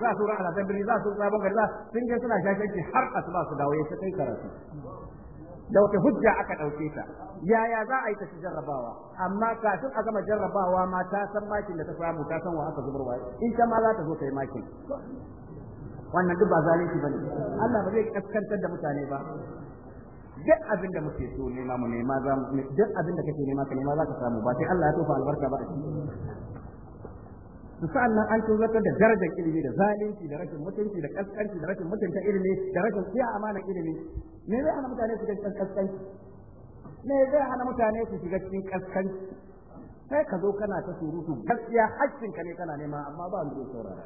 za su ran da birni za su sabon gari za sun je suna shashanci har asuba su dawo ya ta kai karatu da wata hujja aka ɗauke ta yaya za a yi ta jarrabawa amma kafin a gama jarrabawa ma ta san makin da ta samu ta san wa aka zubarwa in ta ma za ta zo ta yi makin wannan duk ba zalunci bane Allah ba zai kaskantar da mutane ba duk abin da muke so nema mu nema za mu duk abin da kake nema ka nema za ka samu ba sai Allah ya tofa albarka ba a cikin su sa'an nan an tuzartar da darajar ilimi da zalunci da rashin mutunci da kaskanci da rashin mutunta ilimi da rashin siya amana ilimi me zai hana mutane su ga cikin kaskanci me zai hana mutane su shiga cikin kaskanci sai ka zo kana ta surutu gaskiya haƙƙin ka ne kana nema amma ba mu zai saurara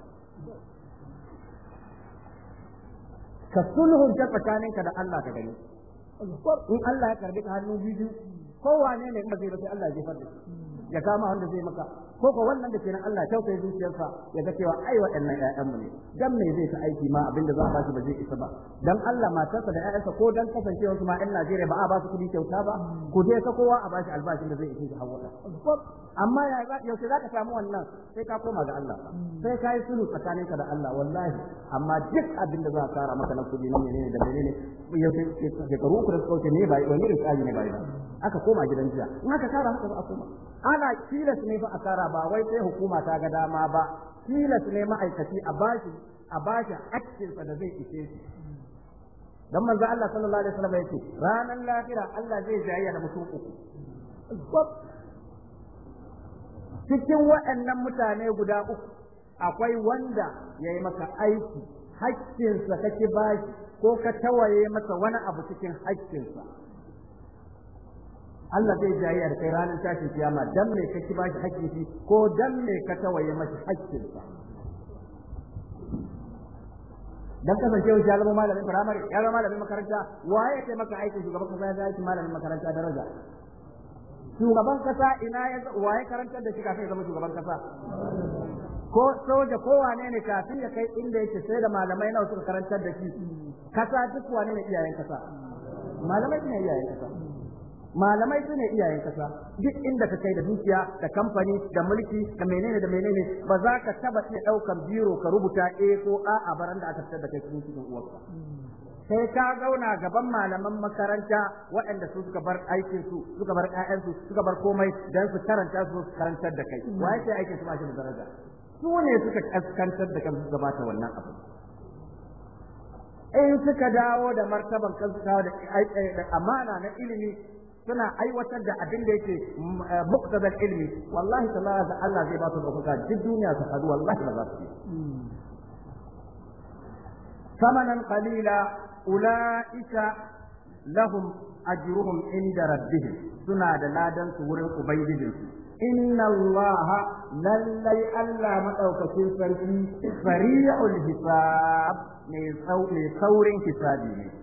ka sulhun ta ka da Allah ka gani in Allah ya karbi ka hannu biyu kowane ne in ba zai ba sai Allah ya jefar da ya kama wanda zai maka ko ko wannan da ke nan Allah tausaye zuciyarsa ya ga cewa ai waɗannan ƴaƴanmu ne dan me zai ta aiki ma abin da za a bashi ba zai isa ba dan Allah matarsa da ƴaƴansa ko dan kasancewar su ma ƴan Najeriya ba a ba su kuɗi kyauta ba ku dai ka kowa a bashi albashin da zai isa shi hawa amma ya yaushe za ka samu wannan sai ka koma ga Allah sai ka yi sulhu ka da Allah wallahi amma duk abin da za a tara maka na kuɗi ne ne da menene yaushe shekaru uku da suka wuce ne ba wani irin tsari ne ba aka koma gidan jiya in aka tara haka ba a koma ana tilas ne fa a tara ba wai sai hukuma ta ga dama ba tilas ne ma'aikaci a bashi a bashi hakkinsa da zai ishe shi dan manzo Allah sallallahu alaihi wasallam yake ranan lafira Allah zai jayayya da mutum uku cikin waɗannan mutane guda uku akwai wanda ya yi maka aiki hakkinsa kake bashi ko ka tawaye masa wani abu cikin hakkinsa Allah zai jayayya da kai ranar tashin kiyama dan me ka ki bashi hakkin shi ko dan me ka tawaye mashi hakkin sa dan kasance shi zama malamin firamare ya zama malamin makaranta waye ya taimaka aikin shugaban kasa ya zama malamin makaranta daraja shugaban kasa ina ya waye karantar da shi kafin ya zama shugaban kasa ko soja ko wane ne kafin ya kai inda yake sai da malamai nawa suka karantar da shi kasa duk wane ne iyayen kasa malamai ne iyayen kasa malamai su ne iyayen kasa duk inda ka kai da dukiya da kamfani da mulki da menene da menene ba za ka taba iya daukar biro ka rubuta a ko a a baran da aka fitar da kai cikin cikin uwarka sai ka zauna gaban malaman makaranta waɗanda su suka bar aikin su suka bar ƴaƴan su suka bar komai dan su karanta su karantar da kai wa yake aikin su ba shi da daraja su ne suka kaskantar da kansu gabata wannan abu in suka dawo da martaban kansu da amana na ilimi suna aiwatar da abin da yake mm, eh, muqtadal ilmi wallahi ta'ala da Allah zai ba su dokaka duk duniya ta hadu wallahi ba za su yi ثمنا قليلا أولئك لهم أجرهم عند ربهم سنة لا wurin ubangijinsu. inna Allah lallai Allah maɗaukacin sarki fari'ul hisab mai saurin hisabi ne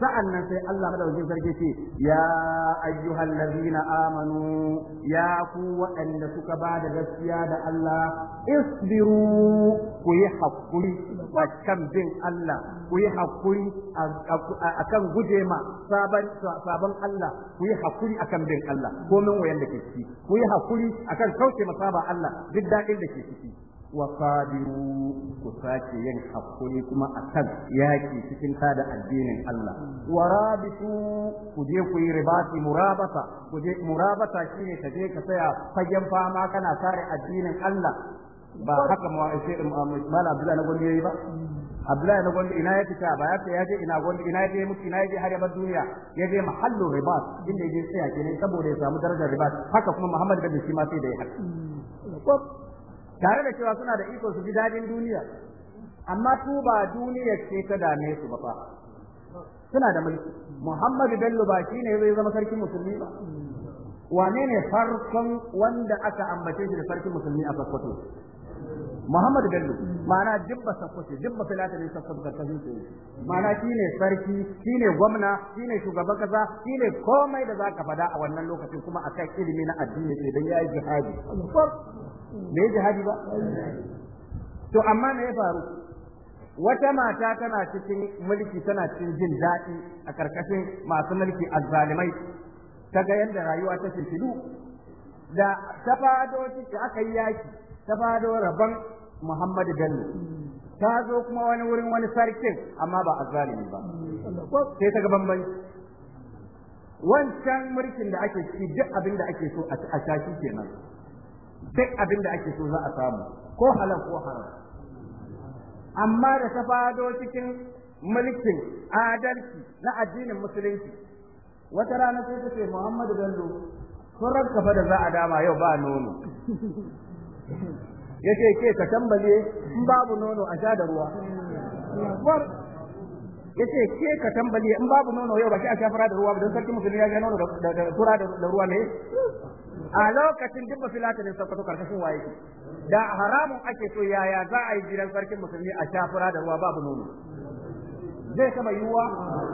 sa'an nan sai Allah madaukakin sarki ce ya ayyuhal lazina amanu ya ku waɗanda suka ba da gaskiya da Allah isbiru ku yi a kan bin Allah ku yi hakuri akan guje ma sabon Allah ku yi a kan bin Allah komin wayan da ke ciki ku yi hakuri akan kauce masaba Allah duk daɗin da ke ciki وقادروا كساكي حقوني كما أكد ياكي سكن هذا الدين الله ورابطوا كجيكو رباط مرابطة كجيك مرابطة شيني كجيك سيا فجم فاما كان سارع الدين الله ba haka ma sai mala abdullahi na gwani yayi ba abdullahi na gwani ina yake ta ba yake ya ina gwani ina yake mu ina yake har yabar duniya ya mahallu mahallin ribat inda ya sai yake ne saboda ya samu darajar ribat haka kuma muhammad da shi ma sai da ya haka tare da cewa suna da iko su ji dadin duniya amma su ba duniya ce ta dame su ba fa suna da mulki Muhammadu Bello ba shine zai zama sarkin musulmi ba wane ne farkon wanda aka ambace shi da sarkin musulmi a Sokoto Muhammadu Bello ma'ana dibba Sokoto dibba filata ne Sokoto ga kafin su ma'ana shine sarki shine gwamna shine shugaban kasa shine komai da zaka fada a wannan lokacin kuma akan ilimi na addini sai dan yayi jihadi yaji jihadi ba to amma me ya faru wata mata tana cikin mulki tana cikin jin daɗi a karkashin masu mulki azzalimai ta ga yadda rayuwa ta shimfidu da ta fado ciki aka yi yaki ta fado rabon muhammadu bello ta zo kuma wani wurin wani sarkin amma ba azzalimi ba sai ta ga bambanci wancan mulkin da ake ciki duk abin da ake so a tashi kenan duk abin da ake so za a samu ko halal ko haram amma da ta fado cikin mulkin adalci na addinin musulunci wata rana sai ta ce Muhammadu Bello sun kafa da za a dama yau ba nono ce ke ka tambale in babu nono a sha da ruwa ce ke ka tambale in babu nono yau ba ki a sha fara da ruwa ba don sarki musulmi ya ga nono da fura da ruwa ne a lokacin duk ba filatinin sokoto karkashin waye da haramun ake so yaya za a yi gidan sarkin musulmi a shafura da ruwa babu nono zai taba yiwuwa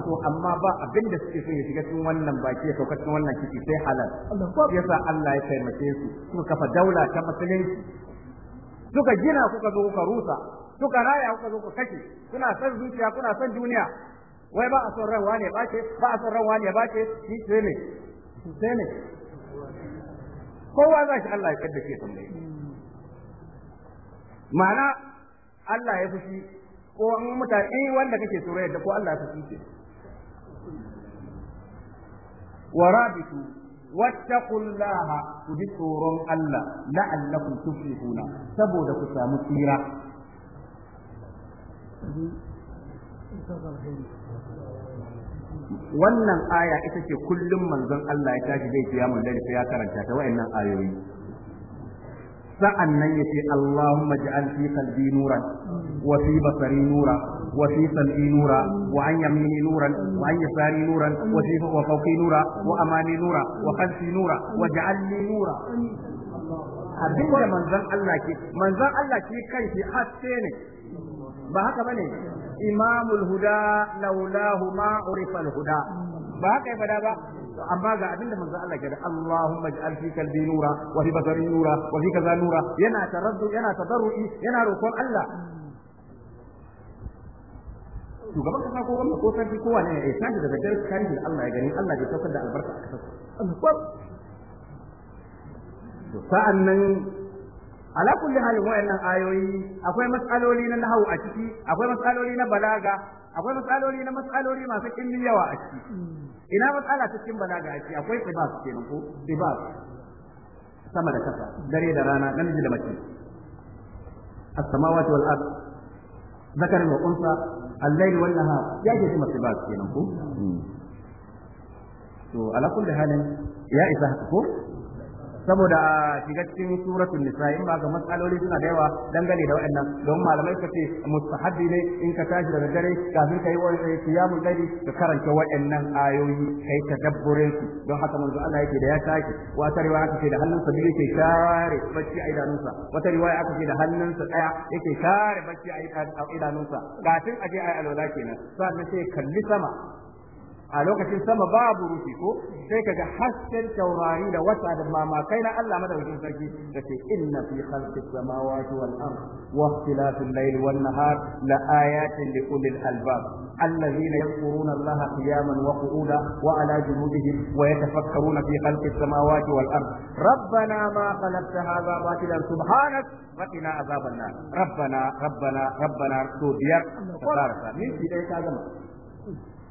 to amma ba abin da suke so ya shiga cikin wannan baki ya sauka cikin wannan kiki sai halal yasa Allah ya taimake su suka kafa daula ta musulunci suka gina kuka zo kuka rusa suka raya kuka zo kuka kashe kuna son zuciya kuna son duniya wai ba a son ran wane ba ce ba a son ran wane ba ce shi ne sai ne kowa za shi Allah ya kadda ke tambaye ma'ana Allah ya fushi ko an mutane eh, wanda kake tsoro yadda ko Allah ya fushi ke rabitu wattaqullaha ku bi tsoron Allah la'allakum tuflihuna saboda ku samu tsira mm-hmm. wannan aya ita ce kullum manzon Allah ya tashi zai kiyamun dare sai ya karanta ta wayannan ayoyi sa'annan yace Allahumma ij'al fi qalbi nuran wa fi basari nuran wa fi sam'i nuran wa an yamini nuran wa an yasari nuran wa fi wa fawqi nuran wa amani nuran wa khalfi nuran wa ij'al li nuran abin manzon Allah ke manzon Allah ke kai shi haske ne ba haka bane imamul huda laulahu ma urifa al huda ba haka ya fada ba amma ga abin da manzo Allah ya da Allahumma ij'al fi qalbi nura wa fi basari nura wa fi kaza nura yana taraddu yana tadarrui yana roƙon Allah shugaban kasa ko gwamnati ko sarki ko wane ya tashi daga dare karihin Allah ya gani Allah ya saukar da albarka a kasar sa'an nan ala kulli halin wayannan ayoyi akwai matsaloli na nahwu a ciki akwai matsaloli na balaga akwai matsaloli na matsaloli masu kinni yawa a ciki ina matsala ta cikin balaga a ciki akwai ibas kenan ko ibas sama da kasa dare da rana ji da mace as-samawati wal ard ذكر وأنثى الليل والنهار يا جيت مصيبات كينكو to ala kulli halin ya isa haka ko saboda a shiga cikin suratul nisa in ba ga matsaloli suna da yawa dangane da waɗannan don malamai ka ce mustahabbi ne in ka tashi daga dare kafin ka yi wa eh, qiyamul layli ka karanta waɗannan ayoyi kai tadabburin su don haka manzo Allah yake da ya tashi wata riwaya aka ce da hannunsa biyu yake share bacci a idanunsa wata riwaya aka ce da hannunsa daya yake share bacci a idanunsa kafin aje ayi alwala kenan sannan sai kalli sama a lokacin sama babu rufi ko sai kaga hasken taurari da wata da mamakai na Allah madaukakin sarki kace inna fi khalqis samawati wal ard wa ikhtilafil layli wan nahar la ayatin li ulil albab alladhina yadhkuruna Allah qiyaman wa qu'udan wa ala junubihim wa yatafakkaruna fi khalqis samawati wal ard rabbana ma وقنا عذاب النار ربنا ربنا ربنا تو تبارك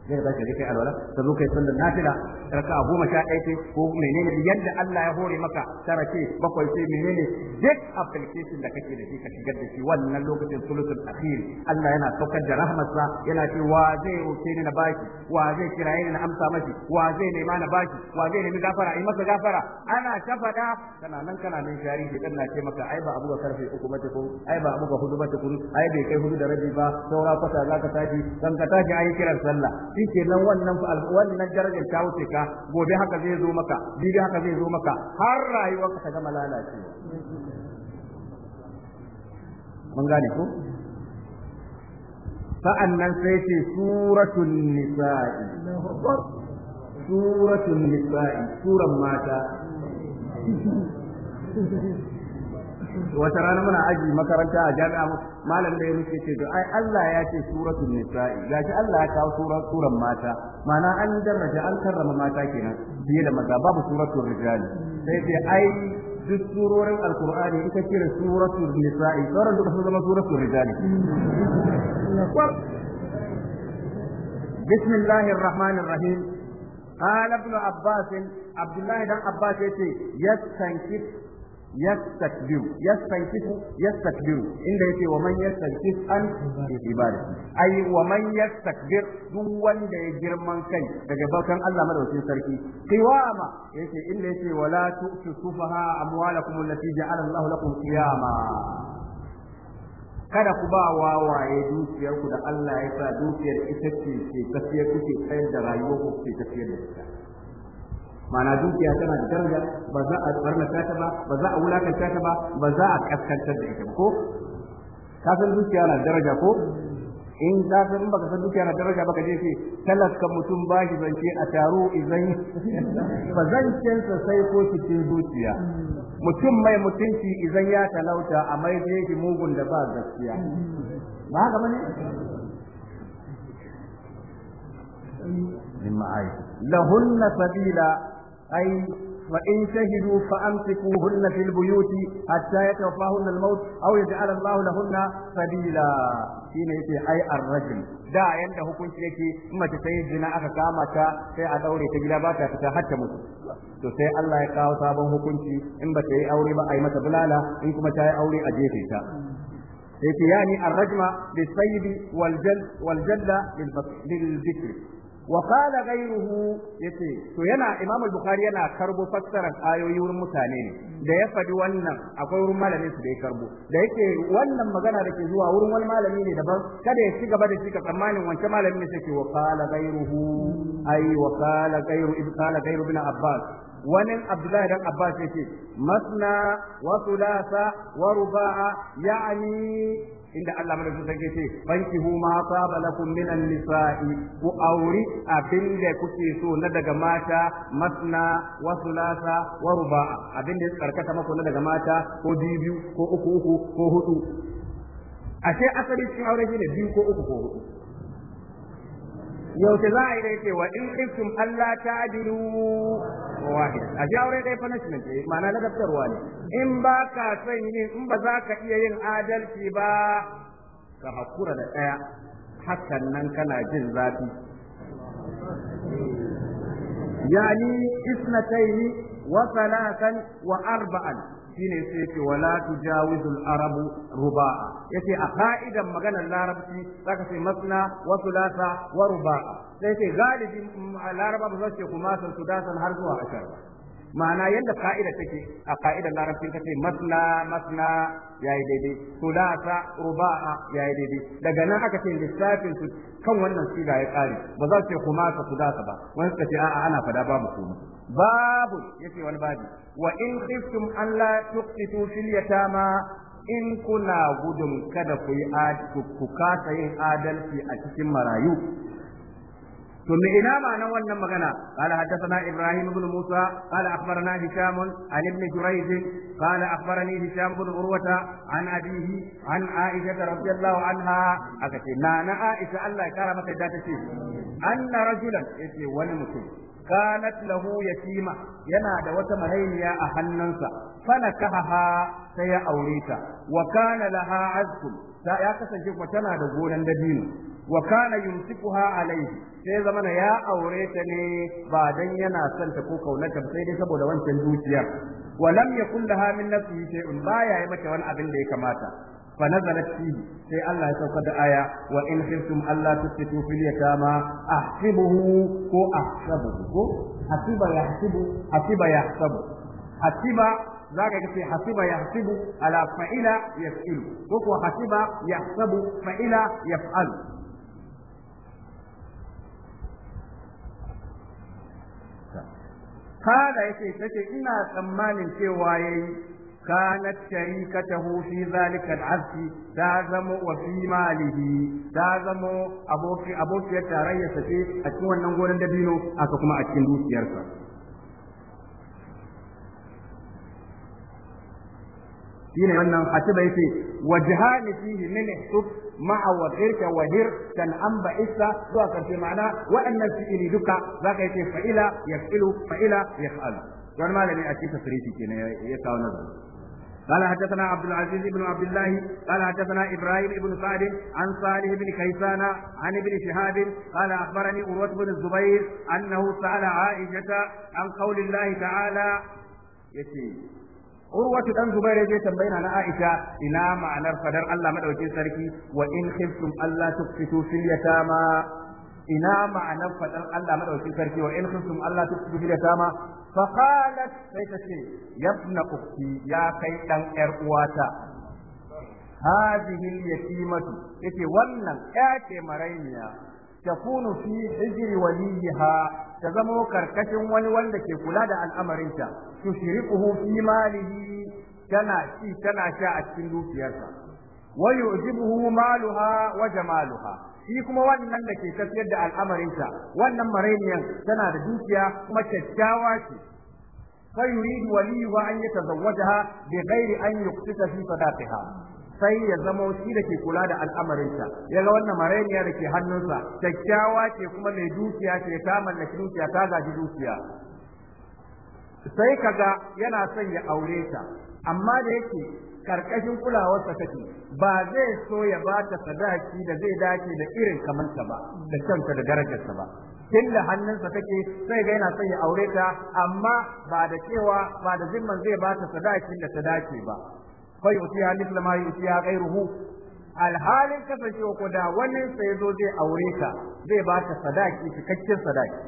zai ka tashi kai alwala ka zo kai sallar nafila raka a goma sha ɗaya ce ko menene yadda Allah ya hore maka tara ce bakwai ce menene duk application da kake da shi ka shigar da shi wannan lokacin sulutul akhir Allah yana saukar da rahmatsa yana ce wa zai roke ni na baki wa zai kiraye ni na amsa mashi wa zai nema na baki wa zai nemi gafara yi masa gafara ana ta faɗa kana nan kana nan shari ke kana ce maka ai ba abu ga karfe uku ba tukun ai ba abu ga hudu ba tukun ai bai kai hudu da rabi ba saura kwata za ka tashi kan ka tashi ai kiran sallah shi nan wannan wannan darajar ta wuce ka gobe haka zai zo maka bibi haka zai zo maka har rayuwarka ta gama lalacewa mun gane ko sa'annan sai ce suratul nisa'i suratul nisa'i suran mata wata rana muna aji makaranta a jami'a malam da ya nufi ce to ai Allah ya ce suratul nisa'i gashi Allah ya kawo surar suran mata mana an daraja an karrama mata kenan biye da maza babu suratul rijali sai ce ai duk surorin alqur'ani in ka kira suratul nisa'i sauran duka sun zama suratul rijali بسم الله الرحمن الرحيم قال ابن عباس عبد الله بن عباس يستنكف yastakbiru yastankifu yastakbiru inda yake wa man yastankif an ibada ai wa man yastakbir duk wanda ya girman kai daga bakan Allah madaukakin sarki qiwama yake inda yake wala tu'tu sufaha amwalakum allati ja'ala Allah lakum qiyama kada ku ba wawaye dukiyarku da Allah ya sa dukiyar ita ce ce tafiyar kuke tsayar da rayuwar ku ce tafiyar da ita ma'ana dukiya tana da daraja ba za a barna ta ba ba za a wulakanta ta ba ba za a kaskantar da ita ko ka san dukiya na daraja ko in za ka in baka san dukiya na daraja baka je sai kan mutum ba shi zance a taro izai. ba zan sa sai ko cikin zuciya mutum mai mutunci izan ya talauta a mai je mugun da ba gaskiya ba haka bane min ma'ai lahunna sabila أي فإن شهدوا فأمسكوهن في البيوت حتى يتوفاهن الموت أو يجعل الله لهن سبيلا shine yake ai arrajul da yanda hukunci yake in mace ta yi zina aka kama ta sai a daure ta gida ba ta fita har sosai Allah ya kawo sabon hukunci in ba ta yi aure ba a yi mata bulala in kuma ta yi aure a jefe ta yake yani arrajma bisaybi wal jald wal jalla bil wa qala ghayruhu yace to yana imamu bukhari yana karbo fassarar ayoyi wurin mutane ne da ya fadi wannan akwai wurin malami su da ya karbo da yake wannan magana da ke zuwa wurin wani malami ne daban kada ya ci gaba da shi ka tsammanin wancan malami ne sai wa qala ghayruhu ai wa qala ghayru ibn qala ghayru ibn abbas wani abdullahi dan abbas yake masna wa thulatha wa ruba'a ya'ni inda Allah sun sake ce banki huma saba lakum minan nisa'i ku auri abinda kuke so na daga mata masna wa sulasa wa ruba'a abinda ya karkata mako na daga mata ko biyu ko uku uku ko hudu ashe asali cikin aure ne biyu ko uku ko hudu yaushe za a yi dai wa in khiftum Allah ta ta'dilu wahid a ji aure dai punishment ne eh, ma'ana ladabtarwa ne in ba ka son yin in ba za ka iya yin adalci ba ka hakura da ɗaya. hakan nan kana jin zafi yani isnataini wa salatan wa arba'an shine sai ce wala tujawizul arabu ruba'a yace a ka'idan maganar larabci zaka sai masna wa thulatha wa ruba'a sai ce galibi laraba ba zai ce kuma sun sudasan har zuwa ashar ma'ana yadda ka'ida take a ka'idan larabci ta ce masna masna yayi daidai thulatha ruba'a yayi daidai daga nan aka ce lissafin su kan wannan siga ya kare ba za su ce kuma su sudasa ba wani suka ce a'a ana fada babu kuma babu yace wani babu وإن خفتم ألا تقسطوا في اليتامى in kuna gudun kada ku yi ku kasa yin adalci a cikin marayu ثم إلى معنى والنمغنى قال حدثنا إبراهيم بن موسى قال أخبرنا هشام عن ابن جريج قال أخبرني هشام بن عروة عن أبيه عن عائشة رضي الله عنها أكتنا عائشة الله كرمت ذات أن رجلا يتي ونمسك kanat lahu yatima yana da wata marainiya a hannunsa fanakaha sai ya aure ta wa kana laha azkum ya kasance kuma tana da gonan dabino wa kana yumsikuha alaihi sai zamana ya aure ta ne ba dan yana son ta ko kaunarta sai dai saboda wancan dukiyar wa lam yakul laha min nafsihi shay'un ya yi mata wani abin da ya kamata فنزلت فيه سي sai Allah ya وإن da aya wa في اليتامى أحسبه كو أحسبه حسب يحسب ko يحسب ko hasiba يقول hasiba يحسب hasiba zaka يسئل sai hasiba يحسب ala يفعل kada yake tace ina tsammanin cewa yayi كانت شريكته في ذلك العبد دازم وفي ماله دازم أبوك أبوك يتاري سفي أتوى النغور الدبينو أتوكما أتكندوس يرسل shine wannan hasiba yace wajhani fihi min hub ma'a wa ghirka wa hir kan ba isa zuwa karshe ma'ana wa'annan fi'ili duka zaka yace fa'ila yaf'ilu fa'ila yaf'alu wani malami a cikin tasrifi kenan ya kawo nazari قال حدثنا عبد العزيز بن عبد الله قال حدثنا ابراهيم بن سعد عن صالح بن كيسان عن ابن شهاب قال اخبرني عروه بن الزبير انه سال عائشه عن قول الله تعالى urwatu dan zubair ya je tambayina na aisha ina ma'anar fadar Allah madaukin sarki wa in khiftum Allah tufsitu fil yatama ina ma'anar fadar Allah madaukin sarki wa in khiftum Allah فقالت سيتشي يا ابن أختي يا كيدا أرواتا هذه اليتيمة إتي ولن آتي مرينيا تكون في حجر وليها تزمو كركش ولولد كي كلاد عن أمرنتا تشركه في ماله تنا شي تنا شاء السندوكيرتا ويعجبه مالها وجمالها shi kuma wannan da ke tafiyar da al'amarinsa wannan marainiyan tana da dukiya kuma kyakkyawa ce فيريد وليها an yi بغير أن يقسط في ha. sai ya zama shi da ke kula da al'amarinsa ya ga wannan marainiya da ke hannunsa kyakkyawa ce kuma mai dukiya ce ta mallaki dukiya ta gaji dukiya sai kaga yana son ya aure ta amma da yake karkashin kulawarsa take ba zai so ya ba ta sadaki da zai dace da irin kamanta ba da kanta da darajarsa ba da hannunsa take sai ga yana son ya aure ta amma ba da cewa ba da zimman zai ba ta sadakin da ta dace ba fa ya mithla ma yutiya ghayruhu alhalin sai ko da wannan sai zo zai aure ta zai ba ta sadaki cikakken sadaki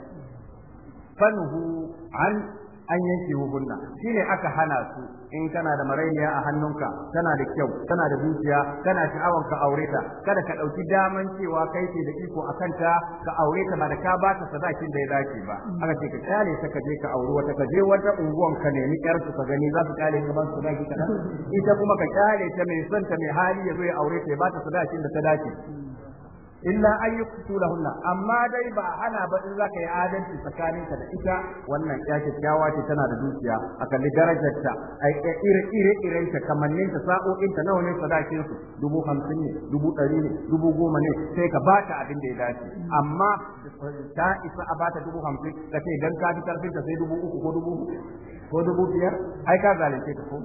fanhu an an yanke hukunna shine aka hana su in kana da marainiya a hannunka tana da kyau tana da zuciya tana sha'awar ka aure ta kada ka dauki daman cewa kai ce da iko akan ta ka aure ta ba da ka ba ta sadakin da ya dace ba aka ce ka kyale ta ka je ka auri wata ka je wata unguwan ka nemi yar su ka gani za su kyale ka ba su sadaki ka ita kuma ka kyale ta mai son ta mai hali ya zo ya aure ta ya ba ta sadakin da ta dace illa an yuqtulahunna amma dai ba hana ba in zaka yi adalci ka da ita wannan ya kyakkyawa ce tana da dukiya a kalli ta ai ire ire iren ta kamannin ta sa'o'in ta nawa ne sadakin su dubu hamsin ne dubu ɗari ne dubu goma ne sai ka ba ta abin da ya dace amma ta isa a ta dubu hamsin ka ce idan ka fi karfin ta sai dubu uku ko dubu ko dubu biyar ai ka zalunce ta ko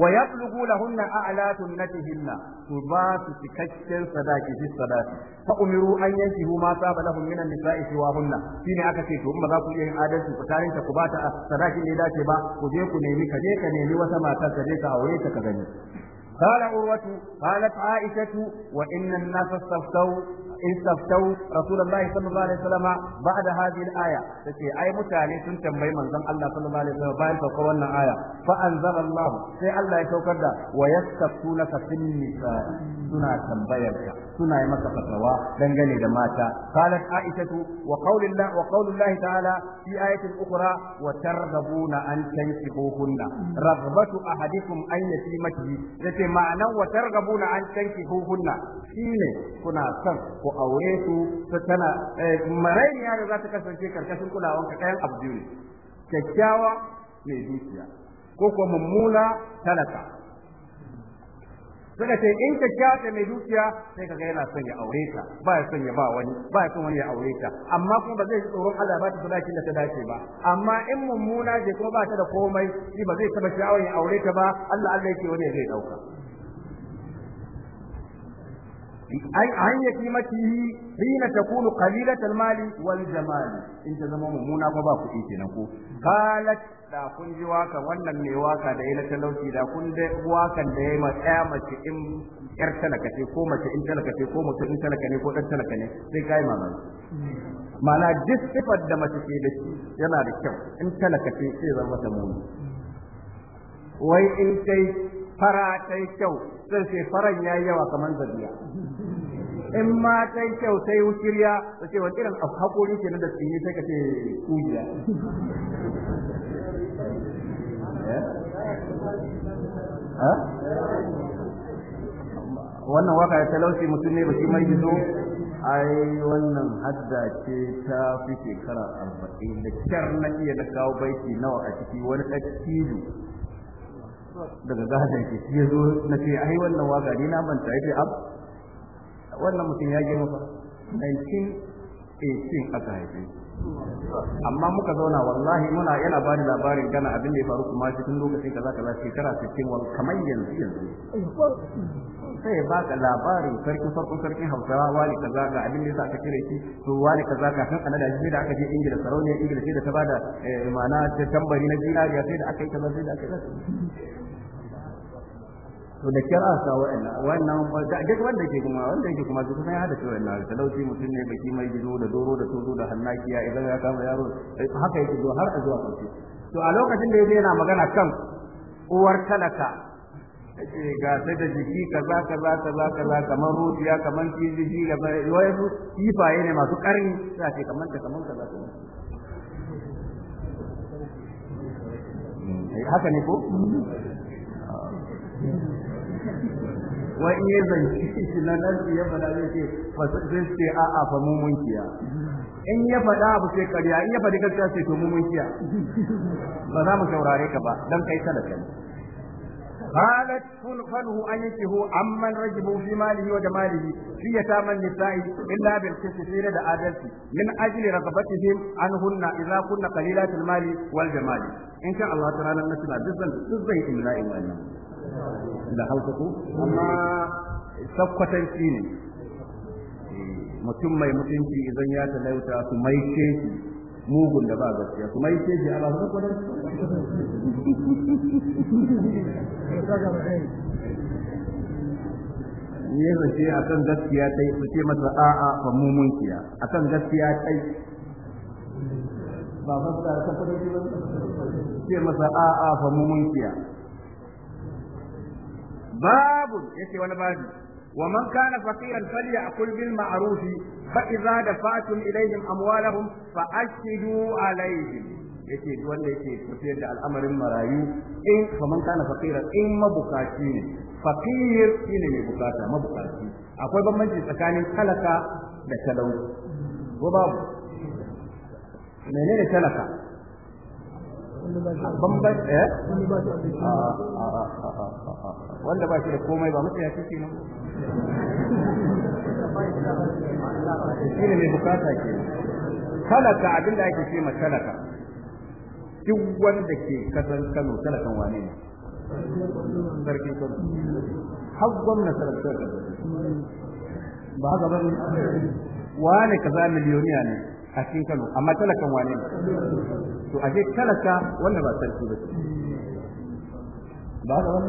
wa yablughu lahunna a'la sunnatihinna to ba su cikakken sadaki fi sadaki fa umiru an yankihu ma saba lahum min an-nisa'i siwa hunna shine aka ce to in ba za ku iya yin adalci ku tarin ta ku ba ta sadakin ya dace ba ku je ku nemi ka je ka nemi wata mata ka je ka aure ta ka gani قال عروة قالت عائشة وإن الناس استفتوا استفتوا رسول الله صلى الله عليه وسلم بعد هذه الآية تتي أي متاني سنتم بيمن زم الله صلى الله عليه وسلم باين فقوانا آية فأنزل الله سي الله يتوكد ويستفتونك في النساء سنة تنبيرك suna yi masa fatawa dangane da mata qalat aishatu wa qaulillah wa qaulullah ta'ala fi ayatin ukhra wa targhabuna an tankihuhunna raghbatu ahadikum an yatimati yace ma'anan wa targhabuna an tankihuhunna shine kuna son ku aure su tana eh, marainiya da za ta kasance karkashin kulawanka kayan abdu ne kyakkyawa mai dukiya ko kuma mummuna talaka suka ce in ka kyata mai dukiya sai kaga yana son ya aure ta ba ya son ya ba wani ba ya son wani ya aure ta amma kuma ba zai ji tsoron Allah ba ta sadakin da ta dace ba amma in mummuna ce kuma ba ta da komai shi ba zai taba sha'awar ya aure ta ba Allah Allah yake wani zai dauka an ya kimatihi hina takunu qalilatal mali wal jamal in ta zama mummuna ba ba kuɗi kenan ko kalat da kun ji waka wannan mai waka da yana talauci da kun da wakan da yayi matsaya mace in yar talaka ce ko mace in talaka ce ko mutum in talaka ne ko dan talaka ne sai kai mamaki mana duk sifar da mace ke da shi yana da kyau in talaka ce sai zama ta muni wai in kai fara ta kyau sai sai faran ya yi yawa kamar zabiya in ma ta yi kyau sai wuciriya ta ce wani irin haƙori ke nan da tsinye sai ka ce kujiya eh? Eh? wannan waka ya talauci mutum ne ba shi mai gizo ai wannan hadda ce ta fi shekara arba'in da kyar na iya na kawo baiki nawa a ciki wani ɗan daga gahadan ke ya zo na ce ai wannan waga ni na manta yake ab wannan mutum ya girma fa 1918 aka haife amma muka zauna wallahi muna yana bani labarin gana abin da ya faru kuma shi tun lokacin kaza kaza shekara 60 kamar yanzu yanzu sai ya baka labarin sarkin farkon sarkin hausawa wani kaza ga abin da aka kira shi to wani kaza ka san da shi da aka je ingila sarauniya ingila sai da ta bada eh, ma'ana ta tambari na zinariya sai da aka yi kaza sai da aka yi to da sa asa wa'anna da duk wanda yake kuma wanda yake kuma duk sai hada shi da talauci mutum ne baki mai gido da doro da tozo da hannakiya idan ya kama yaro eh, haka yake zo har a zuwa karshe to a lokacin da yake yana magana kan uwar talaka ake ga ta da jiki kaza kaza kaza kaza kamar ruciya kamar kiji da wai su kifaye ne masu karin za ce kamar ta kamar kaza eh, haka ne ko wai ne ci shi na nan ya fada zai ce sai ce a a fa mun kiya in ya fada abu sai kariya in ya fadi gaskiya sai to mun kiya ba za mu saurare ka ba dan kai talaka ne قالت تنقله أن ينكه عمن رجبه في ماله وجماله في يتامى النساء إلا بالكسفين في من أجل رغبتهم عنهن إذا كن قليلات المال والجمال إن شاء الله تعالى نسمع جزا تزدهي إملاء المال da halkaku amma sakwatanci ne mutum mai متمي idan ya talauta su maishe shi mugun da ba gaskiya kuma yake ji ala su kwadan ne a akan gaskiya tai su ce masa a'a fa mumun kiya akan gaskiya tai ba fasta ta kudin ba ce masa a'a fa mumun kiya babu yake wani babu ومن كان فقيرا فليأكل بالمعروف فإذا دفعتم إليهم أموالهم فأشهدوا عليهم yake wanda yake tafiyar da al'amarin marayu in kaman kana fakira in mabukaci ne fakir shine mai bukata mabukaci akwai bambanci tsakanin talaka da talau ko babu menene talaka bambanci eh ah, ah, ah, wanda ba shi da komai ba mutum ya ce ne shi ne mai bukata ke talaka abinda ake ce ma talaka duk wanda ke kasar kano talakan wane ne sarki kano har gwamna sarki kano ba haka ba ne wane kaza miliyoniya ne a cikin kano amma talakan wane ne to a aje talaka wanda ba sarki ba ce. ba haka ba ne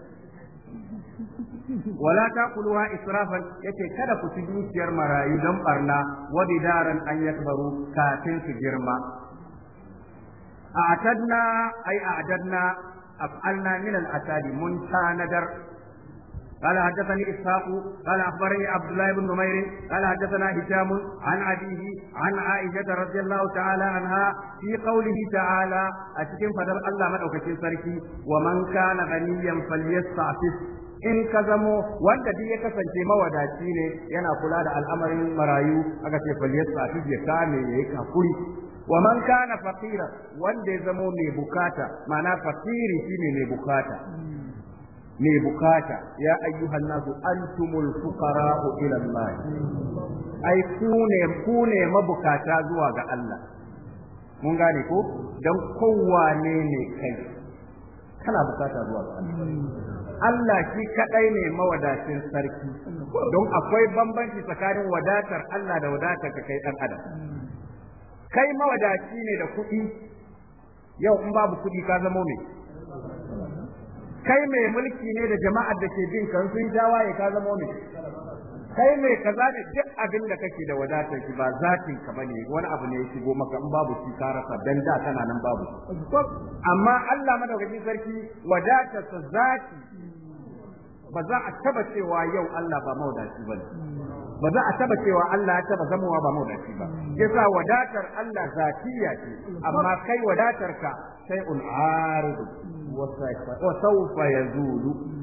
Wala taku lu'uwar isra'afan ya ke kada ku ci dukiyar marayu don ɓarna waɗidaran anyi na tsaro kafin su girma. A atadna, ai a adadna, ab al'amina a tsari mun tanadar. Kala haddasa ni Kala akwai farashin Abdullahi bin kala haddasa na An adi ni, an a'ijata, Rabi'u ta'ala an ha, ki ta'ala. A cikin fadar Allah maɗaukacin sarki, wa mun kala ganiyan yan fal, in ka zamo wanda duk ya kasance mawadaci ne yana kula da al'amarin marayu aka ce falyasa fi ya kame yayi kakuri wa man kana faqira wanda ya zamo mai bukata ma'ana faqiri shine mai bukata mai bukata ya ayyuhan nasu antumul fuqara'u ila Allah ai ku ne mabukata zuwa ga Allah mun gane ko dan kowane ne kai kana bukata zuwa ga Allah shi kadai ne mawadacin sarki don akwai bambanci tsakanin wadatar Allah da wadatar ka kai dan adam kai mawadaci ne da kuɗi yau in babu kuɗi ka zamo me kai mai mulki ne da jama'ar da ke bin kan sun jawaye ka zamo me kai mai kaza ne duk abin da kake da wadatar ki ba zatin ka bane wani abu ne ya shigo maka in babu shi ka rasa dan da kana nan babu amma Allah madaukakin sarki wadatar sa zati ba za a taba cewa yau Allah ba maudaci bane ba za a taba cewa Allah ya taba zamowa ba maudaci ba yasa wadatar Allah zatiya ce amma kai wadatar ka sai un aridu wa sawfa yazulu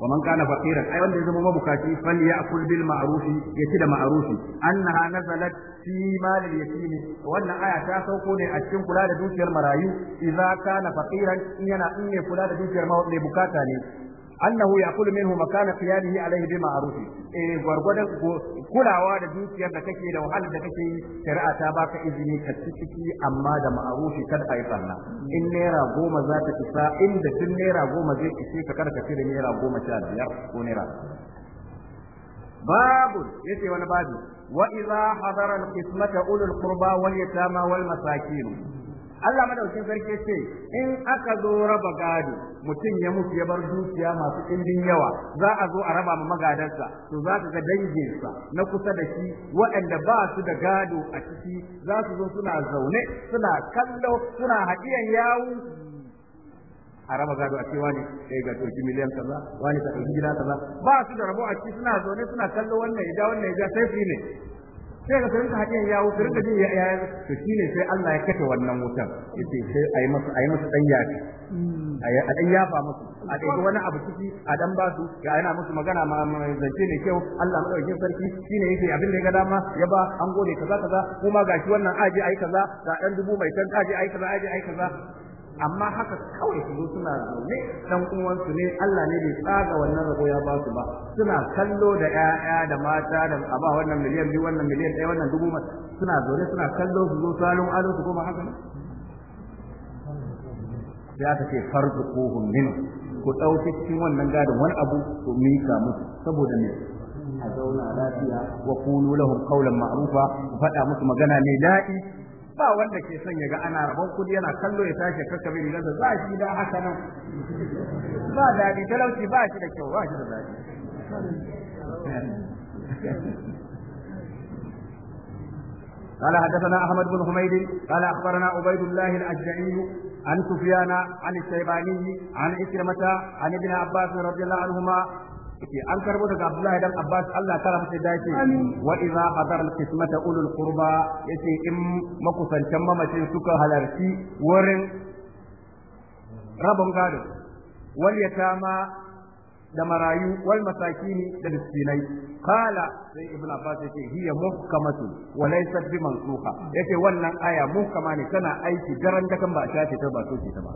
wa man kana faqiran ai wanda ya zama mabukaci falyakul bil ma'ruf ya ci da ma'rufi annaha nazalat fi mal al yatim wannan aya ta sauko ne a cikin kula da dukiyar marayu idza kana faqiran in yana in ne kula da dukiyar mai bukata ne annahu yaqulu minhu makana qiyadihi alayhi bi ma'ruf eh gargwadan kulawa da dukiyar da kake da wahalar da kake shari'a ta baka izini ka ciki amma da ma'rufi kada ai farna in naira goma za ta isa inda tun naira goma zai ishe ka kada ka tsira naira goma sha biyar ko naira babu yace wani babu wa idha hadara al-qismata ulul qurba wal yatama wal masakin Allah madaukin sarki ce in aka zo raba gado mutum ya mutu ya bar dukiya masu indin yawa za a zo a raba ma magadansa to za ka ga danginsa na kusa da shi waɗanda ba su da gado a ciki za su zo suna zaune suna kallo suna haɗiyan yawo a raba gado a ce wani sai eh, ga ɗauki miliyan kaza wani ta ɗauki gida kaza ba su da rabo a ciki suna zaune suna kallo wannan ya ja wannan ya ja sai su ne sai ga rinka ya yawo su rinka jin yayan to shine sai Allah ya kace wannan wutar yace sai ayi masa ayi masa dan yafi a dan yafa musu a dai wani abu ciki a dan ba su ga ana musu magana ma zance ne kyau Allah dauke sarki shine yake abin da ya ga dama ya ba an gode kaza kaza kuma gashi wannan aje ayi kaza ga dan dubu mai tan aje ayi kaza aje ayi kaza amma haka kawai su zo suna zaune dan uwansu ne Allah ne bai tsaga wannan rago ya ba su ba suna kallo da ƴaƴa da mata da aba wannan miliyan biyu wannan miliyan ɗaya wannan dubu suna zaune suna kallo su zo salon ado su koma haka ne sai aka ce kohun min ku ɗauki cikin wannan gadon wani abu to mika musu saboda me a zauna lafiya wa qulu lahum qawlan ma'rufa ku faɗa musu magana mai daɗi ba wanda ke son yaga ana rabon kudi yana kallo ya tashi kakkabe rigar da za shi da haka nan ba daɗi talauci ba shi da kyau ba shi da daɗi قال حدثنا احمد بن حميد قال اخبرنا عبيد الله الاجزعي عن سفيان عن الشيباني عن عكرمة عن ابن عباس رضي الله عنهما an karbo daga Abdullahi dan Abbas Allah kara masa da yake wa idza hadara al-qismata ulul qurba yace in makusantan mamacin suka halarci wurin rabon gado wal yatama da marayu wal masakini da miskinai Kala, sai ibnu abbas yake hiya muhkamatu wa laysat bi mansuha yake wannan aya muhkama ne tana aiki garan da kan ba ta ce ta ba so ce ta ba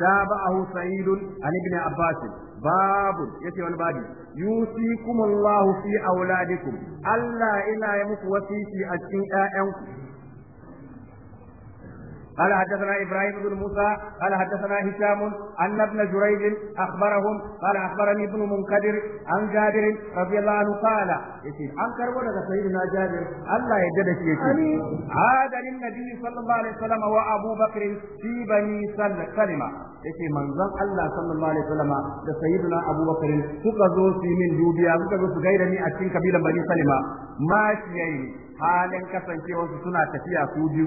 Da ba ahu sa'id an ibn abbas babu yace wani babu yusikumullahu fi auladikum Allah ina yi muku wasiki a cikin ƴaƴanku قال حدثنا ابراهيم بن موسى قال حدثنا هشام ان ابن جريج اخبرهم قال اخبرني ابن منكدر عن جابر رضي الله عنه قال انكر ولد سيدنا جابر الله يجدك عاد للنبي صلى الله عليه وسلم وابو بكر في بني سلمه yace manzon Allah sallallahu alaihi wasallam da sayyidina Abu suka zo su min dubiya suka zo su gaida ni a cikin kabilan Bani Salima ma halin kasancewarsu suna tafiya su biyu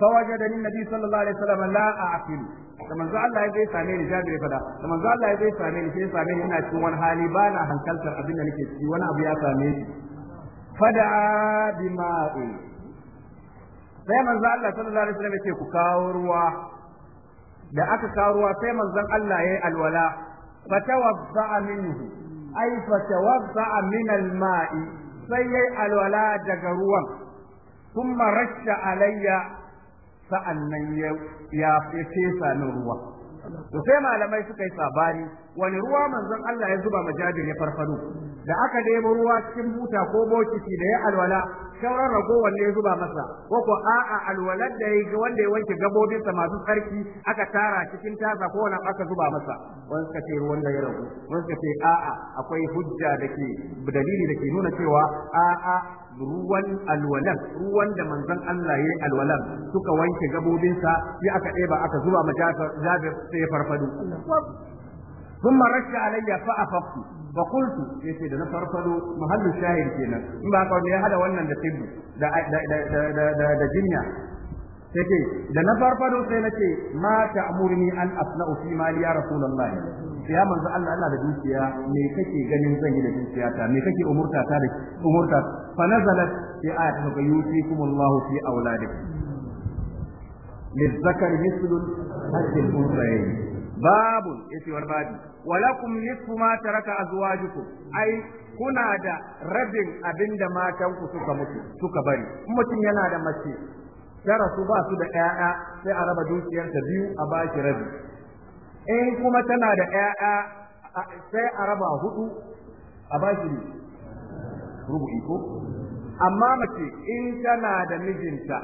فوجدني النبي sallallahu alaihi عليه وسلم لا أعقل da manzo Allah ya zai same ni Jabir fada da manzo Allah ya zai same ni sai same ni ina cikin wani hali ba na hankaltar abin da nake ciki wani abu ya same ni fada bima'i sai manzo Allah sallallahu alaihi wasallam yake ku kawo ruwa da aka kawo ruwa sai manzon Allah yayi alwala fatawazza minhu ay fatawazza min alma'i sai yayi alwala daga ruwan kuma rasha alayya sa'annan ya fesa min ruwa to sai malamai suka yi sabari, wani ruwa manzon Allah ya zuba majabir ya farfado da aka nemo ruwa cikin buta ko bokiti da ya alwala sauran rago ne ya zuba masa ko ko a'a alwalar da ya wanda ya wanke gabobinsa masu tsarki aka tara cikin tasa ko wani aka zuba masa wani suka ce ruwan da ya ragu wani suka ce a'a akwai hujja da ke dalili da ke nuna cewa a'a ruwan alwalan ruwan da manzon Allah yi alwalan suka wanke gabobinsa sai aka ɗeba aka zuba ma Jabir sai ya farfado ثم رش علي فأفقت فقلت yace da na farfado mahallin shahid kenan in ba ka wanda ya hada wannan da tibbu da jinya sai da na farfado sai na ce ma amurni an asna fi mali ya rasulullahi ya manzo Allah Allah da dukiya me kake ganin zan yi da dukiya ta me kake umurta ta da umurta fa nazalat fi ayatin ka yutikumullahu fi auladikum للذكر مثل حد الأنثيين باب يسوى الباب ولكم نصف ما ترك أزواجكم أي kuna da rabin abin da matanku suka mutu suka bari mutum yana da mace tara su ba su da ƴaƴa sai a raba dukiyarta biyu a baki rabi in kuma tana da ƴaƴa sai a raba hudu a baki rubu'i ko amma mace in tana da mijinta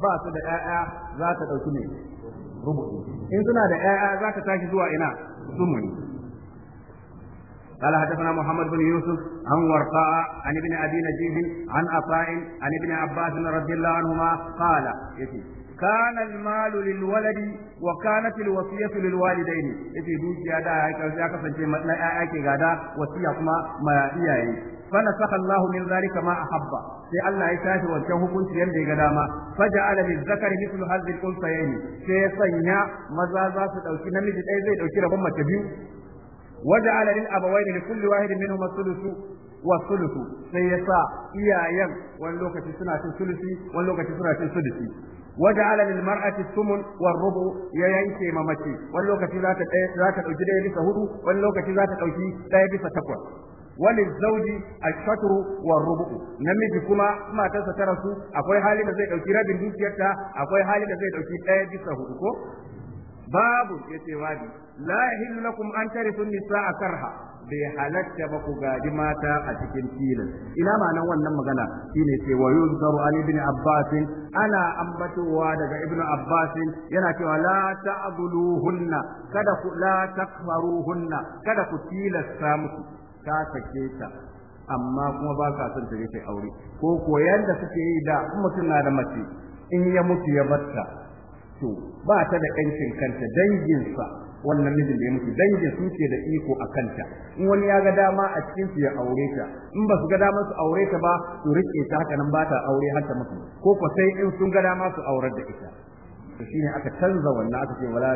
ba su da ƴaƴa za ta dauki ne rubu'i in suna da ƴaƴa za ta tashi zuwa ina sumuni قال حدثنا محمد بن يوسف عن ورقاء عن ابن ابي نجيب عن عطاء عن ابن عباس رضي الله عنهما قال يتي كان المال للولد وكانت الوصية للوالدين يتي دوكيا دا يا كسانتي ما لا يأكي غدا وصية كما ما إياي فنسخ الله من ذلك ما أحب sai Allah ya tashi wancan hukunci yadda ya ga dama faja'ala lil zakari mithlu hadhihi al-unsayayn sai ya sanya maza za su dauki namiji ɗaya zai dauki rabon mace biyu وجعل للأبوين لكل واحد منهما الثلث wa sulusu sai ya sa iyayen wani lokaci suna cin sulusi wani lokaci suna cin sulusi waje ala lil mar'ati sumun war rubu ya yanke ma mace wani lokaci za ta za ta dauki daya bisa hudu wani lokaci za ta dauki daya bisa takwas wani zauji a shatru wa namiji kuma matarsa ta rasu akwai hali da zai ɗauki rabin dukiyarta akwai hali da zai ɗauki ɗaya bisa hudu ko babu yace la yahillu lakum an tarithu nisaa karha bai halatta ba ku gaji mata a cikin filin ina nan wannan magana shine sai wa yuzkaru an ibn abbas ana ambatowa daga ibn abbas yana cewa la ta'buluhunna kada ku la takfaruhunna kada ku tilasta musu ka sake ta amma kuma ba ka son ta kai aure ko koyar da suke yi da kuma na da mace in ya mutu ya batta to ba ta da 'yancin kanta danginsa wannan mijin da ya mutu dangin su ke da iko a kanta in wani ya ga dama a cikin su ya aure ta in ba su ga dama su aure ta ba su rike ta haka nan ba ta aure har ta mutu ko ko sai in sun ga dama su aurar da ita to shine aka canza wannan aka ce wala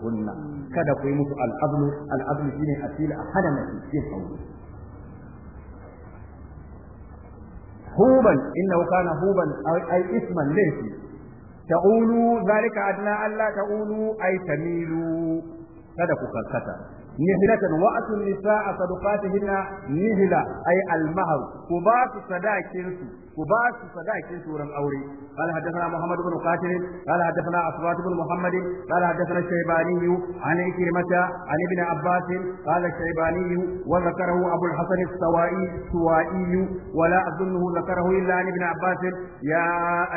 hunna kada ku yi musu al'adlu al'adlu shine asila a hana mace aure huban innahu kana huban ay isman laysi ta'ulu zalika adna alla ta'ulu ay tamilu kada ku karkata nihlatan wa atun nisaa sadaqatihinna nihla ay al ku ba su sadakin su ku ba su sadakin قال حدثنا محمد بن قاتل قال حدثنا أصوات بن محمد قال حدثنا الشيباني عن إكرمة عن ابن عباس قال الشيباني وذكره أبو الحسن السوائي السوائي ولا أظنه ذكره إلا عن ابن عباس يا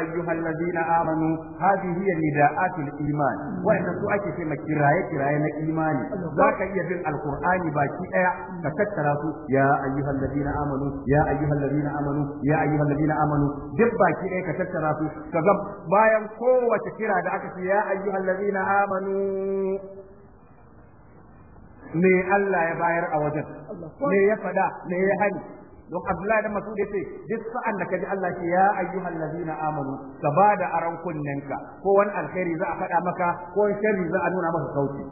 أيها الذين آمنوا هذه هي نداءات الإيمان وإن سؤالك في مكراية كراية الإيمان ذاك يبين القرآن باكئة باكي يا أيها الذين آمنوا يا أيها الذين آمنوا يا أيها الذين na duk baki ɗaya ka tattara su kaga bayan kowace kira da aka ce ya ayyuhal ladina amanu me Allah ya bayar a wajen me ya fada me ya hani don Abdullahi da Masud ya duk sa'an da kaji Allah ya ayyuhal ladina amanu ka bada aran kunnenka ko wani alheri za a fada maka ko wani sharri za a nuna maka kauce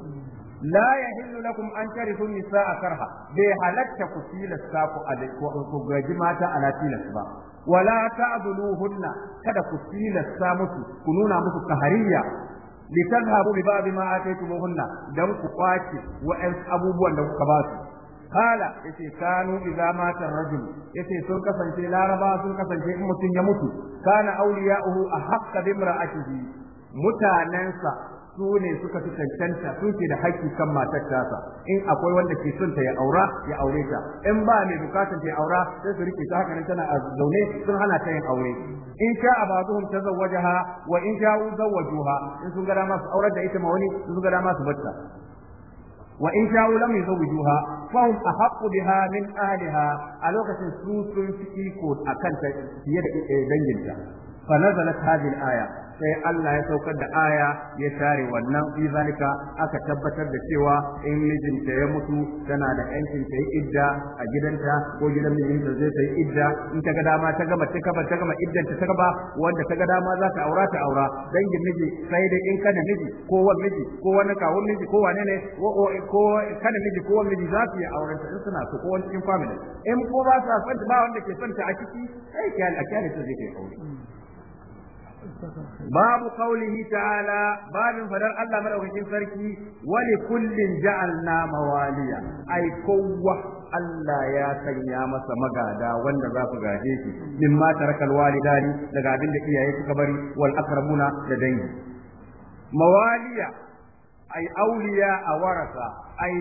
la yahillu lakum an tarithu nisaa karha bai halarta ku tilasta ku ku gaji mata ala tilas ba wala ta'dhuluhunna kada ku tilasta mutu, ku nuna musu tahariya litadhhabu bi ba'd ma ataytumuhunna dan ku kwace wa'an abubuwan da kuka basu. su قال yace kanu idza mata ar-rajul yace sun kasance laraba sun kasance in mutum ya mutu kana ya awliya'uhu ahqqa bi imra'atihi Mutanensa. su ne suka fi cancanta sun ke da haƙƙi kan matar tasa in akwai wanda ke son ta ya aura ya aure ta in ba mai bukatar ta ya aura sai su rike ta haka nan tana a zaune sun hana ta yin aure in sha a zawaje ha wa in sha zawaju ha in sun ga dama aurar da ita ma wani sun ga dama su batta wa in sha u lam yuzawwijuha fa hum ahaqqu biha min ahliha a lokacin su sun fi iko akan ta fiye da eh, danginta fa nazalat hadhihi al-aya sai Allah ya saukar da aya ya tare wannan fi zalika aka tabbatar da cewa in mijinta ya mutu tana da yancin ta yi idda a gidanta ko gidan mijinta zai ta yi idda in ta ga dama ta gama ta kaba ta gama iddanta ta gaba wanda ta ga dama za ta aura ta aura dangin miji sai dai in kana miji ko wani miji ko wani kawun miji ko wane ne ko kana miji ko wani miji za su yi aurenta in suna su ko wani cikin family in ko ba sa son ba wanda ke son ta a ciki sai kyale a kyale ta zai ta yi aure babu qaulihi ta'ala babin fadar Allah madaukakin sarki wani li kullin ja'alna mawaliya ai kowa Allah ya sanya masa magada wanda za su gaje shi min ma tarakal walidani daga abin da iyaye suka bari wal akrabuna da dangi mawaliya ai auliya a warasa ai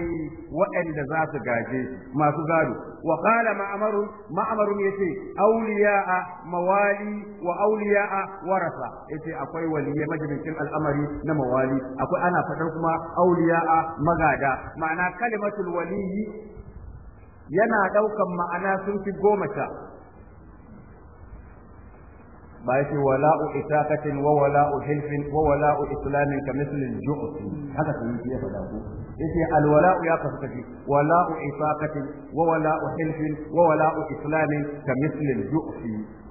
waɗanda za su gaje masu gado wa qala ma'amaru ma'amaru yace auliya a mawali wa auliya warasa yace akwai waliye majalisin al'amari na mawali akwai ana fadar kuma auliya a magada ma'ana kalimatul waliyi yana daukan ma'ana sun fi goma sha ba ya ce wala'u itaqatin wa wala'u hilfin wa wala'u islamin ka mislil ju'us haka sun yi ya faɗa ku yace alwala'u ya kasu kashi wala'u itaqatin wa wala'u hilfin wa wala'u islamin ka mislil ju'us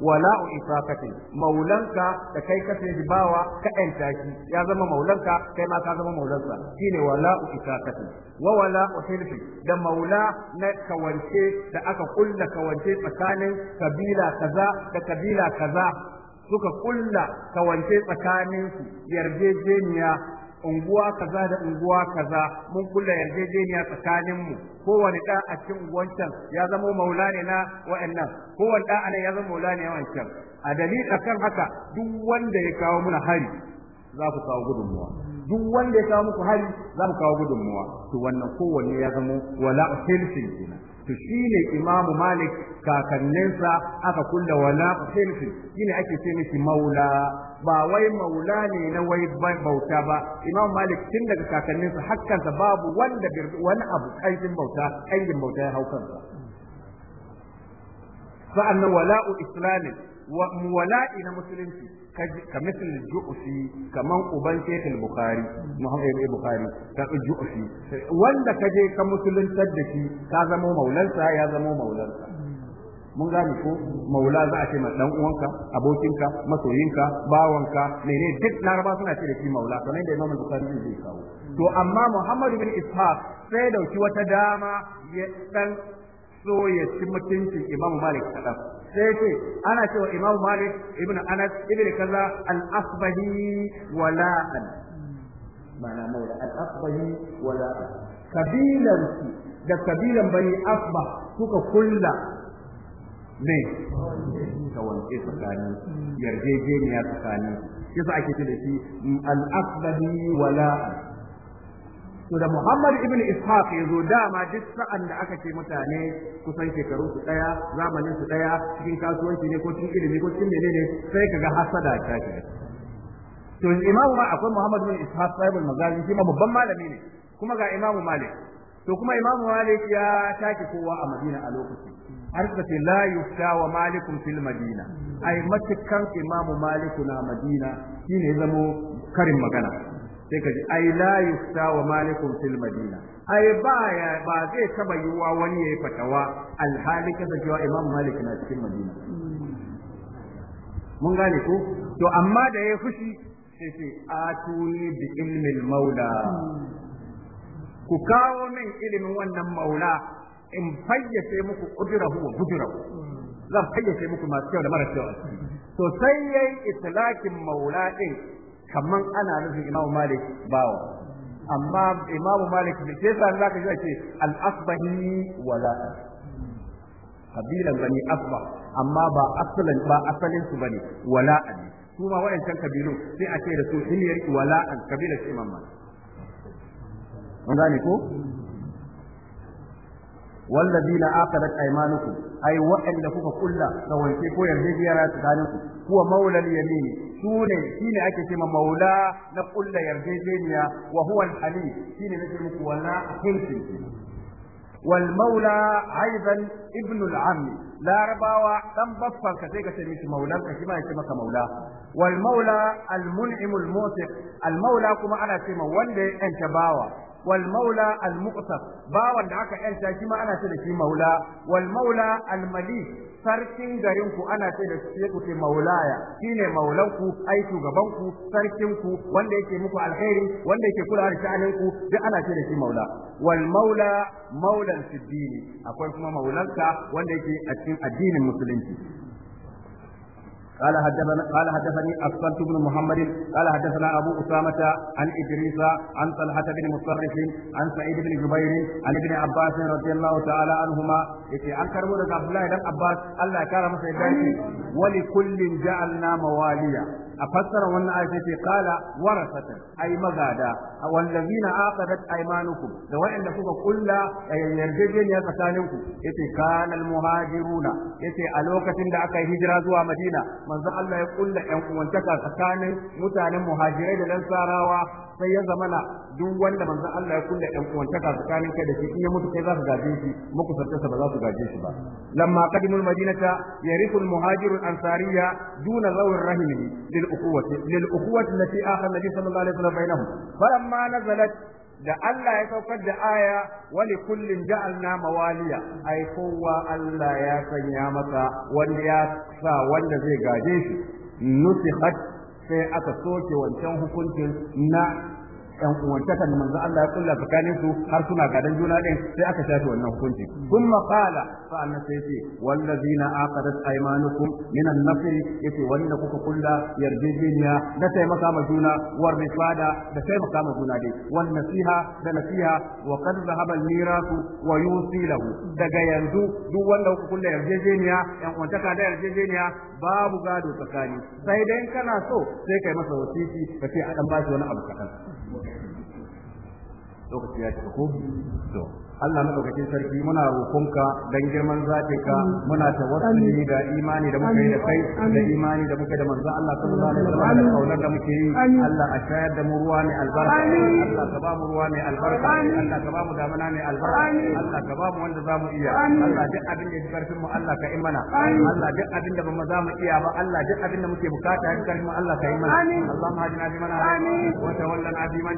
wala'u itaqatin maulanka da kai ka sai bawa ka ƴanta shi ya zama maulanka kai ma ka zama maulansa shine wala'u itaqatin wa wala'u hilfin da maula na kawance da aka kulla kawance tsakanin kabila kaza da kabila kaza suka kulla kawance tsakaninsu yarjejeniya unguwa kaza da unguwa kaza mun kulla yarjejeniya tsakaninmu kowane da a cikin unguwancan ya zama maula ne na wa'annan kowane da nan ya zama maula ne na wancan a dalil akan haka duk wanda ya kawo muna hari za ku kawo gudunmuwa duk wanda ya kawo muku hari za mu kawo gudunmuwa to wannan kowanne ya zama wala hilfin kenan to shine imamu malik kakanninsa aka kulla wala shi shine ake ce mishi maula ba wai maula ne na wai bauta ba imamu malik tun daga kakanninsa hakkansa babu wanda wani abu aikin bauta aikin bauta ya sa kansa sa'annan wala'u islamin wa wala'i na musulunci ka misal ju'usi kaman uban shekul bukhari muhammad bukhari ka ju'usi wanda ka je ka musuluntar da shi ka zama maulansa ya zama maulansa mun gane ko maula za a ce ma dan uwanka abokinka masoyinka bawanka ne duk laraba suna ce da shi maula kamar da imam bukhari zai kawo to amma muhammad bin ishaq sai dauki wata dama ya dan so ya ci mutuncin imam malik kadan sai ce ana cewa imam malik ibn anas ibn kaza al-asbahi an mana maula al-asbahi wala'an kabilan da kabilan bani asba suka kulla ne kawance tsakanin yarjejeniya tsakanin yasa ake ce da shi al-asbahi wala'an to da Muhammad ibn Ishaq ya zo dama duk sa'an da aka ce mutane kusan shekaru su daya zamanin su daya cikin kasuwanci ne ko cikin ilimi ko cikin menene sai kaga hasada ta shiga to imamu ma akwai Muhammad ibn Ishaq sahibul mazazi shi ma babban malami ne kuma ga imamu Malik to kuma imamu Malik ya take kowa a Madina a lokacin har suka ce la yufta wa malikum fil madina ai matukan imamu maliku na madina shine zamo karin magana sai ka ji ai la yufta wa malikum fil madina ai ba ya ba zai taba yiwa wani yayi fatawa alhali kasancewa imam malik na cikin madina mun gane ko to amma da ya fushi sai a atuni bi ilmil maula ku kawo min ilimin wannan maula in fayyace muku kudurahu wa kudurahu zan fayyace muku masu kyau da mara kyau to sai yayi islakin maula din kamar ana nufin imamu malik bawa amma imamu malik da ke sa zaka ji ce al-asbahi wala kabilan bani asbah amma ba asalin ba asalin su bane wala su ma wayancan kabilu sai a ce da su hiliyar wala'a, kabilar imam malik an gane ko والذين عقدت ايمانكم اي وان كوكا كلا سويكي كو يرجيجيرا تسكانكم هو مولى اليمين سونه شيني ake cewa maula na kulla yarjejeniya wa huwa al-halim shine nake muku wala hinki والمولى ايضا ابن العم لا رباوة دم بفر كتيك تميش مولا كما يسمك مولا والمولى المنعم الموثق المولى كما انا تيما وندي انت باوة wal maula al muqtab bawan da aka yanta shi ma ana ce da shi maula wal al sarkin garinku ana ce da shi ku ce maulaya Shi ne ku ai shugaban sarkinku, wanda yake muku alheri wanda yake kula da sha'anin ku duk ana ce da shi maula wal maula maulan fi akwai kuma maulanka wanda yake a cikin addinin musulunci قال حدثنا قال حدثني الصلت بن محمد قال حدثنا ابو اسامه عن ادريس عن طلحه بن مصرف عن سعيد بن جبير عن ابن عباس رضي الله تعالى عنهما يتي عن كربو عبد الله بن عباس الله كرم سيدنا ولكل جعلنا مواليا a fassara wannan ayat ce qala warasata ai magada wallazina aqadat aymanukum da waɗanda kuka kulla eh, yarjejeniya tsakaninku yace kana almuhajiruna yace a lokacin da aka yi hijira zuwa Madina manzo Allah ya kulla yan uwantaka tsakanin mutanen muhajirai da lansarawa sai ya zamana duk wanda manzon Allah ya kulle ɗan uwantaka tsakanin kai da shi in ya mutu kai za su gaje shi makusantarsa ba za su gaje shi ba lamma qadimul madinata yarifu al ansariya duna zawir rahimihi lil uquwati lil uquwati allati akhadha nabi sallallahu alaihi wasallam bainahum falamma nazalat da Allah ya saukar da aya wani kullum ja'alna mawaliya ai kowa Allah ya sanya masa wani ya sa wanda zai gaje shi nusihat sai aka soke wancan hukuncin na yan uwantakan manzo Allah ya kulla tsakanin su har suna gadan juna din sai aka shafe wannan hukunci kuma qala fa anna sayyidi wallazina aqadat aymanukum min an-nasr yace wanda kuka kulla yarjejeniya da sai ma juna war rifada da taimaka ma juna dai wan nasiha da nasiha wa qad dhahaba al-mirasu wa yusi daga yanzu duk wanda kuka kulla yarjejeniya yan uwantaka da yarjejeniya babu gado tsakani sai dai kana so sai kai masa wasiki ka ce a dan bashi wani abu kadan lokacin ya cika ko to Allah madaukakin sarki muna roƙonka dan girman zatinka muna tawassuli da imani da da kai da imani da da manzon Allah sallallahu alaihi wasallam da kaunar da muke Allah a shayar da mu ruwa mai albarka Allah ka ba mu ruwa mai albarka Allah ka ba mu damana mai albarka Allah ka ba mu wanda za mu iya Allah duk abin da ya karfin mu Allah ka imana Allah duk abin da ba za mu iya ba Allah duk abin da muke bukata ya mu Allah ka hadina bi wa tawallana bi man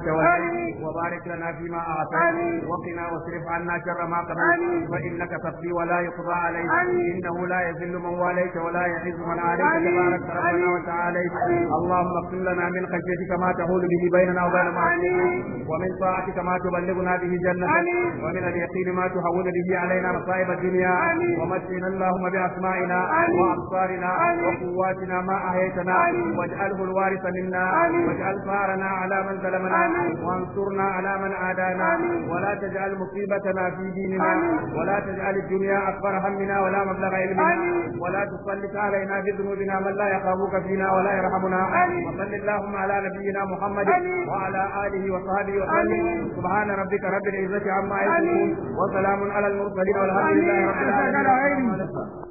wa barik lana fi ma wa qina عنا شر ما قضيت فإنك تقضي ولا يقضى عليك إنه لا يذل من واليت ولا يعز من عليك تبارك ربنا وتعالى اللهم اقسم لنا من خشيتك ما تحول به بيننا وبين معصيتك ومن طاعتك ما تبلغنا به جنتك ومن اليقين ما تهون به علينا مصائب الدنيا ومتعنا اللهم بأسمائنا وأبصارنا وقواتنا ما أهيتنا واجعله الوارث منا واجعل ثارنا على من ظلمنا وانصرنا على من عادانا ولا تجعل مصيبة مصيبتنا في ديننا ولا تجعل الدنيا أكبر همنا ولا مبلغ علمنا ولا تسلط علينا بذنوبنا من لا يخافك فينا ولا يرحمنا وصل اللهم على نبينا محمد وعلى آله وصحبه وسلم سبحان ربك رب العزة عما يصفون وسلام على المرسلين والحمد لله رب العالمين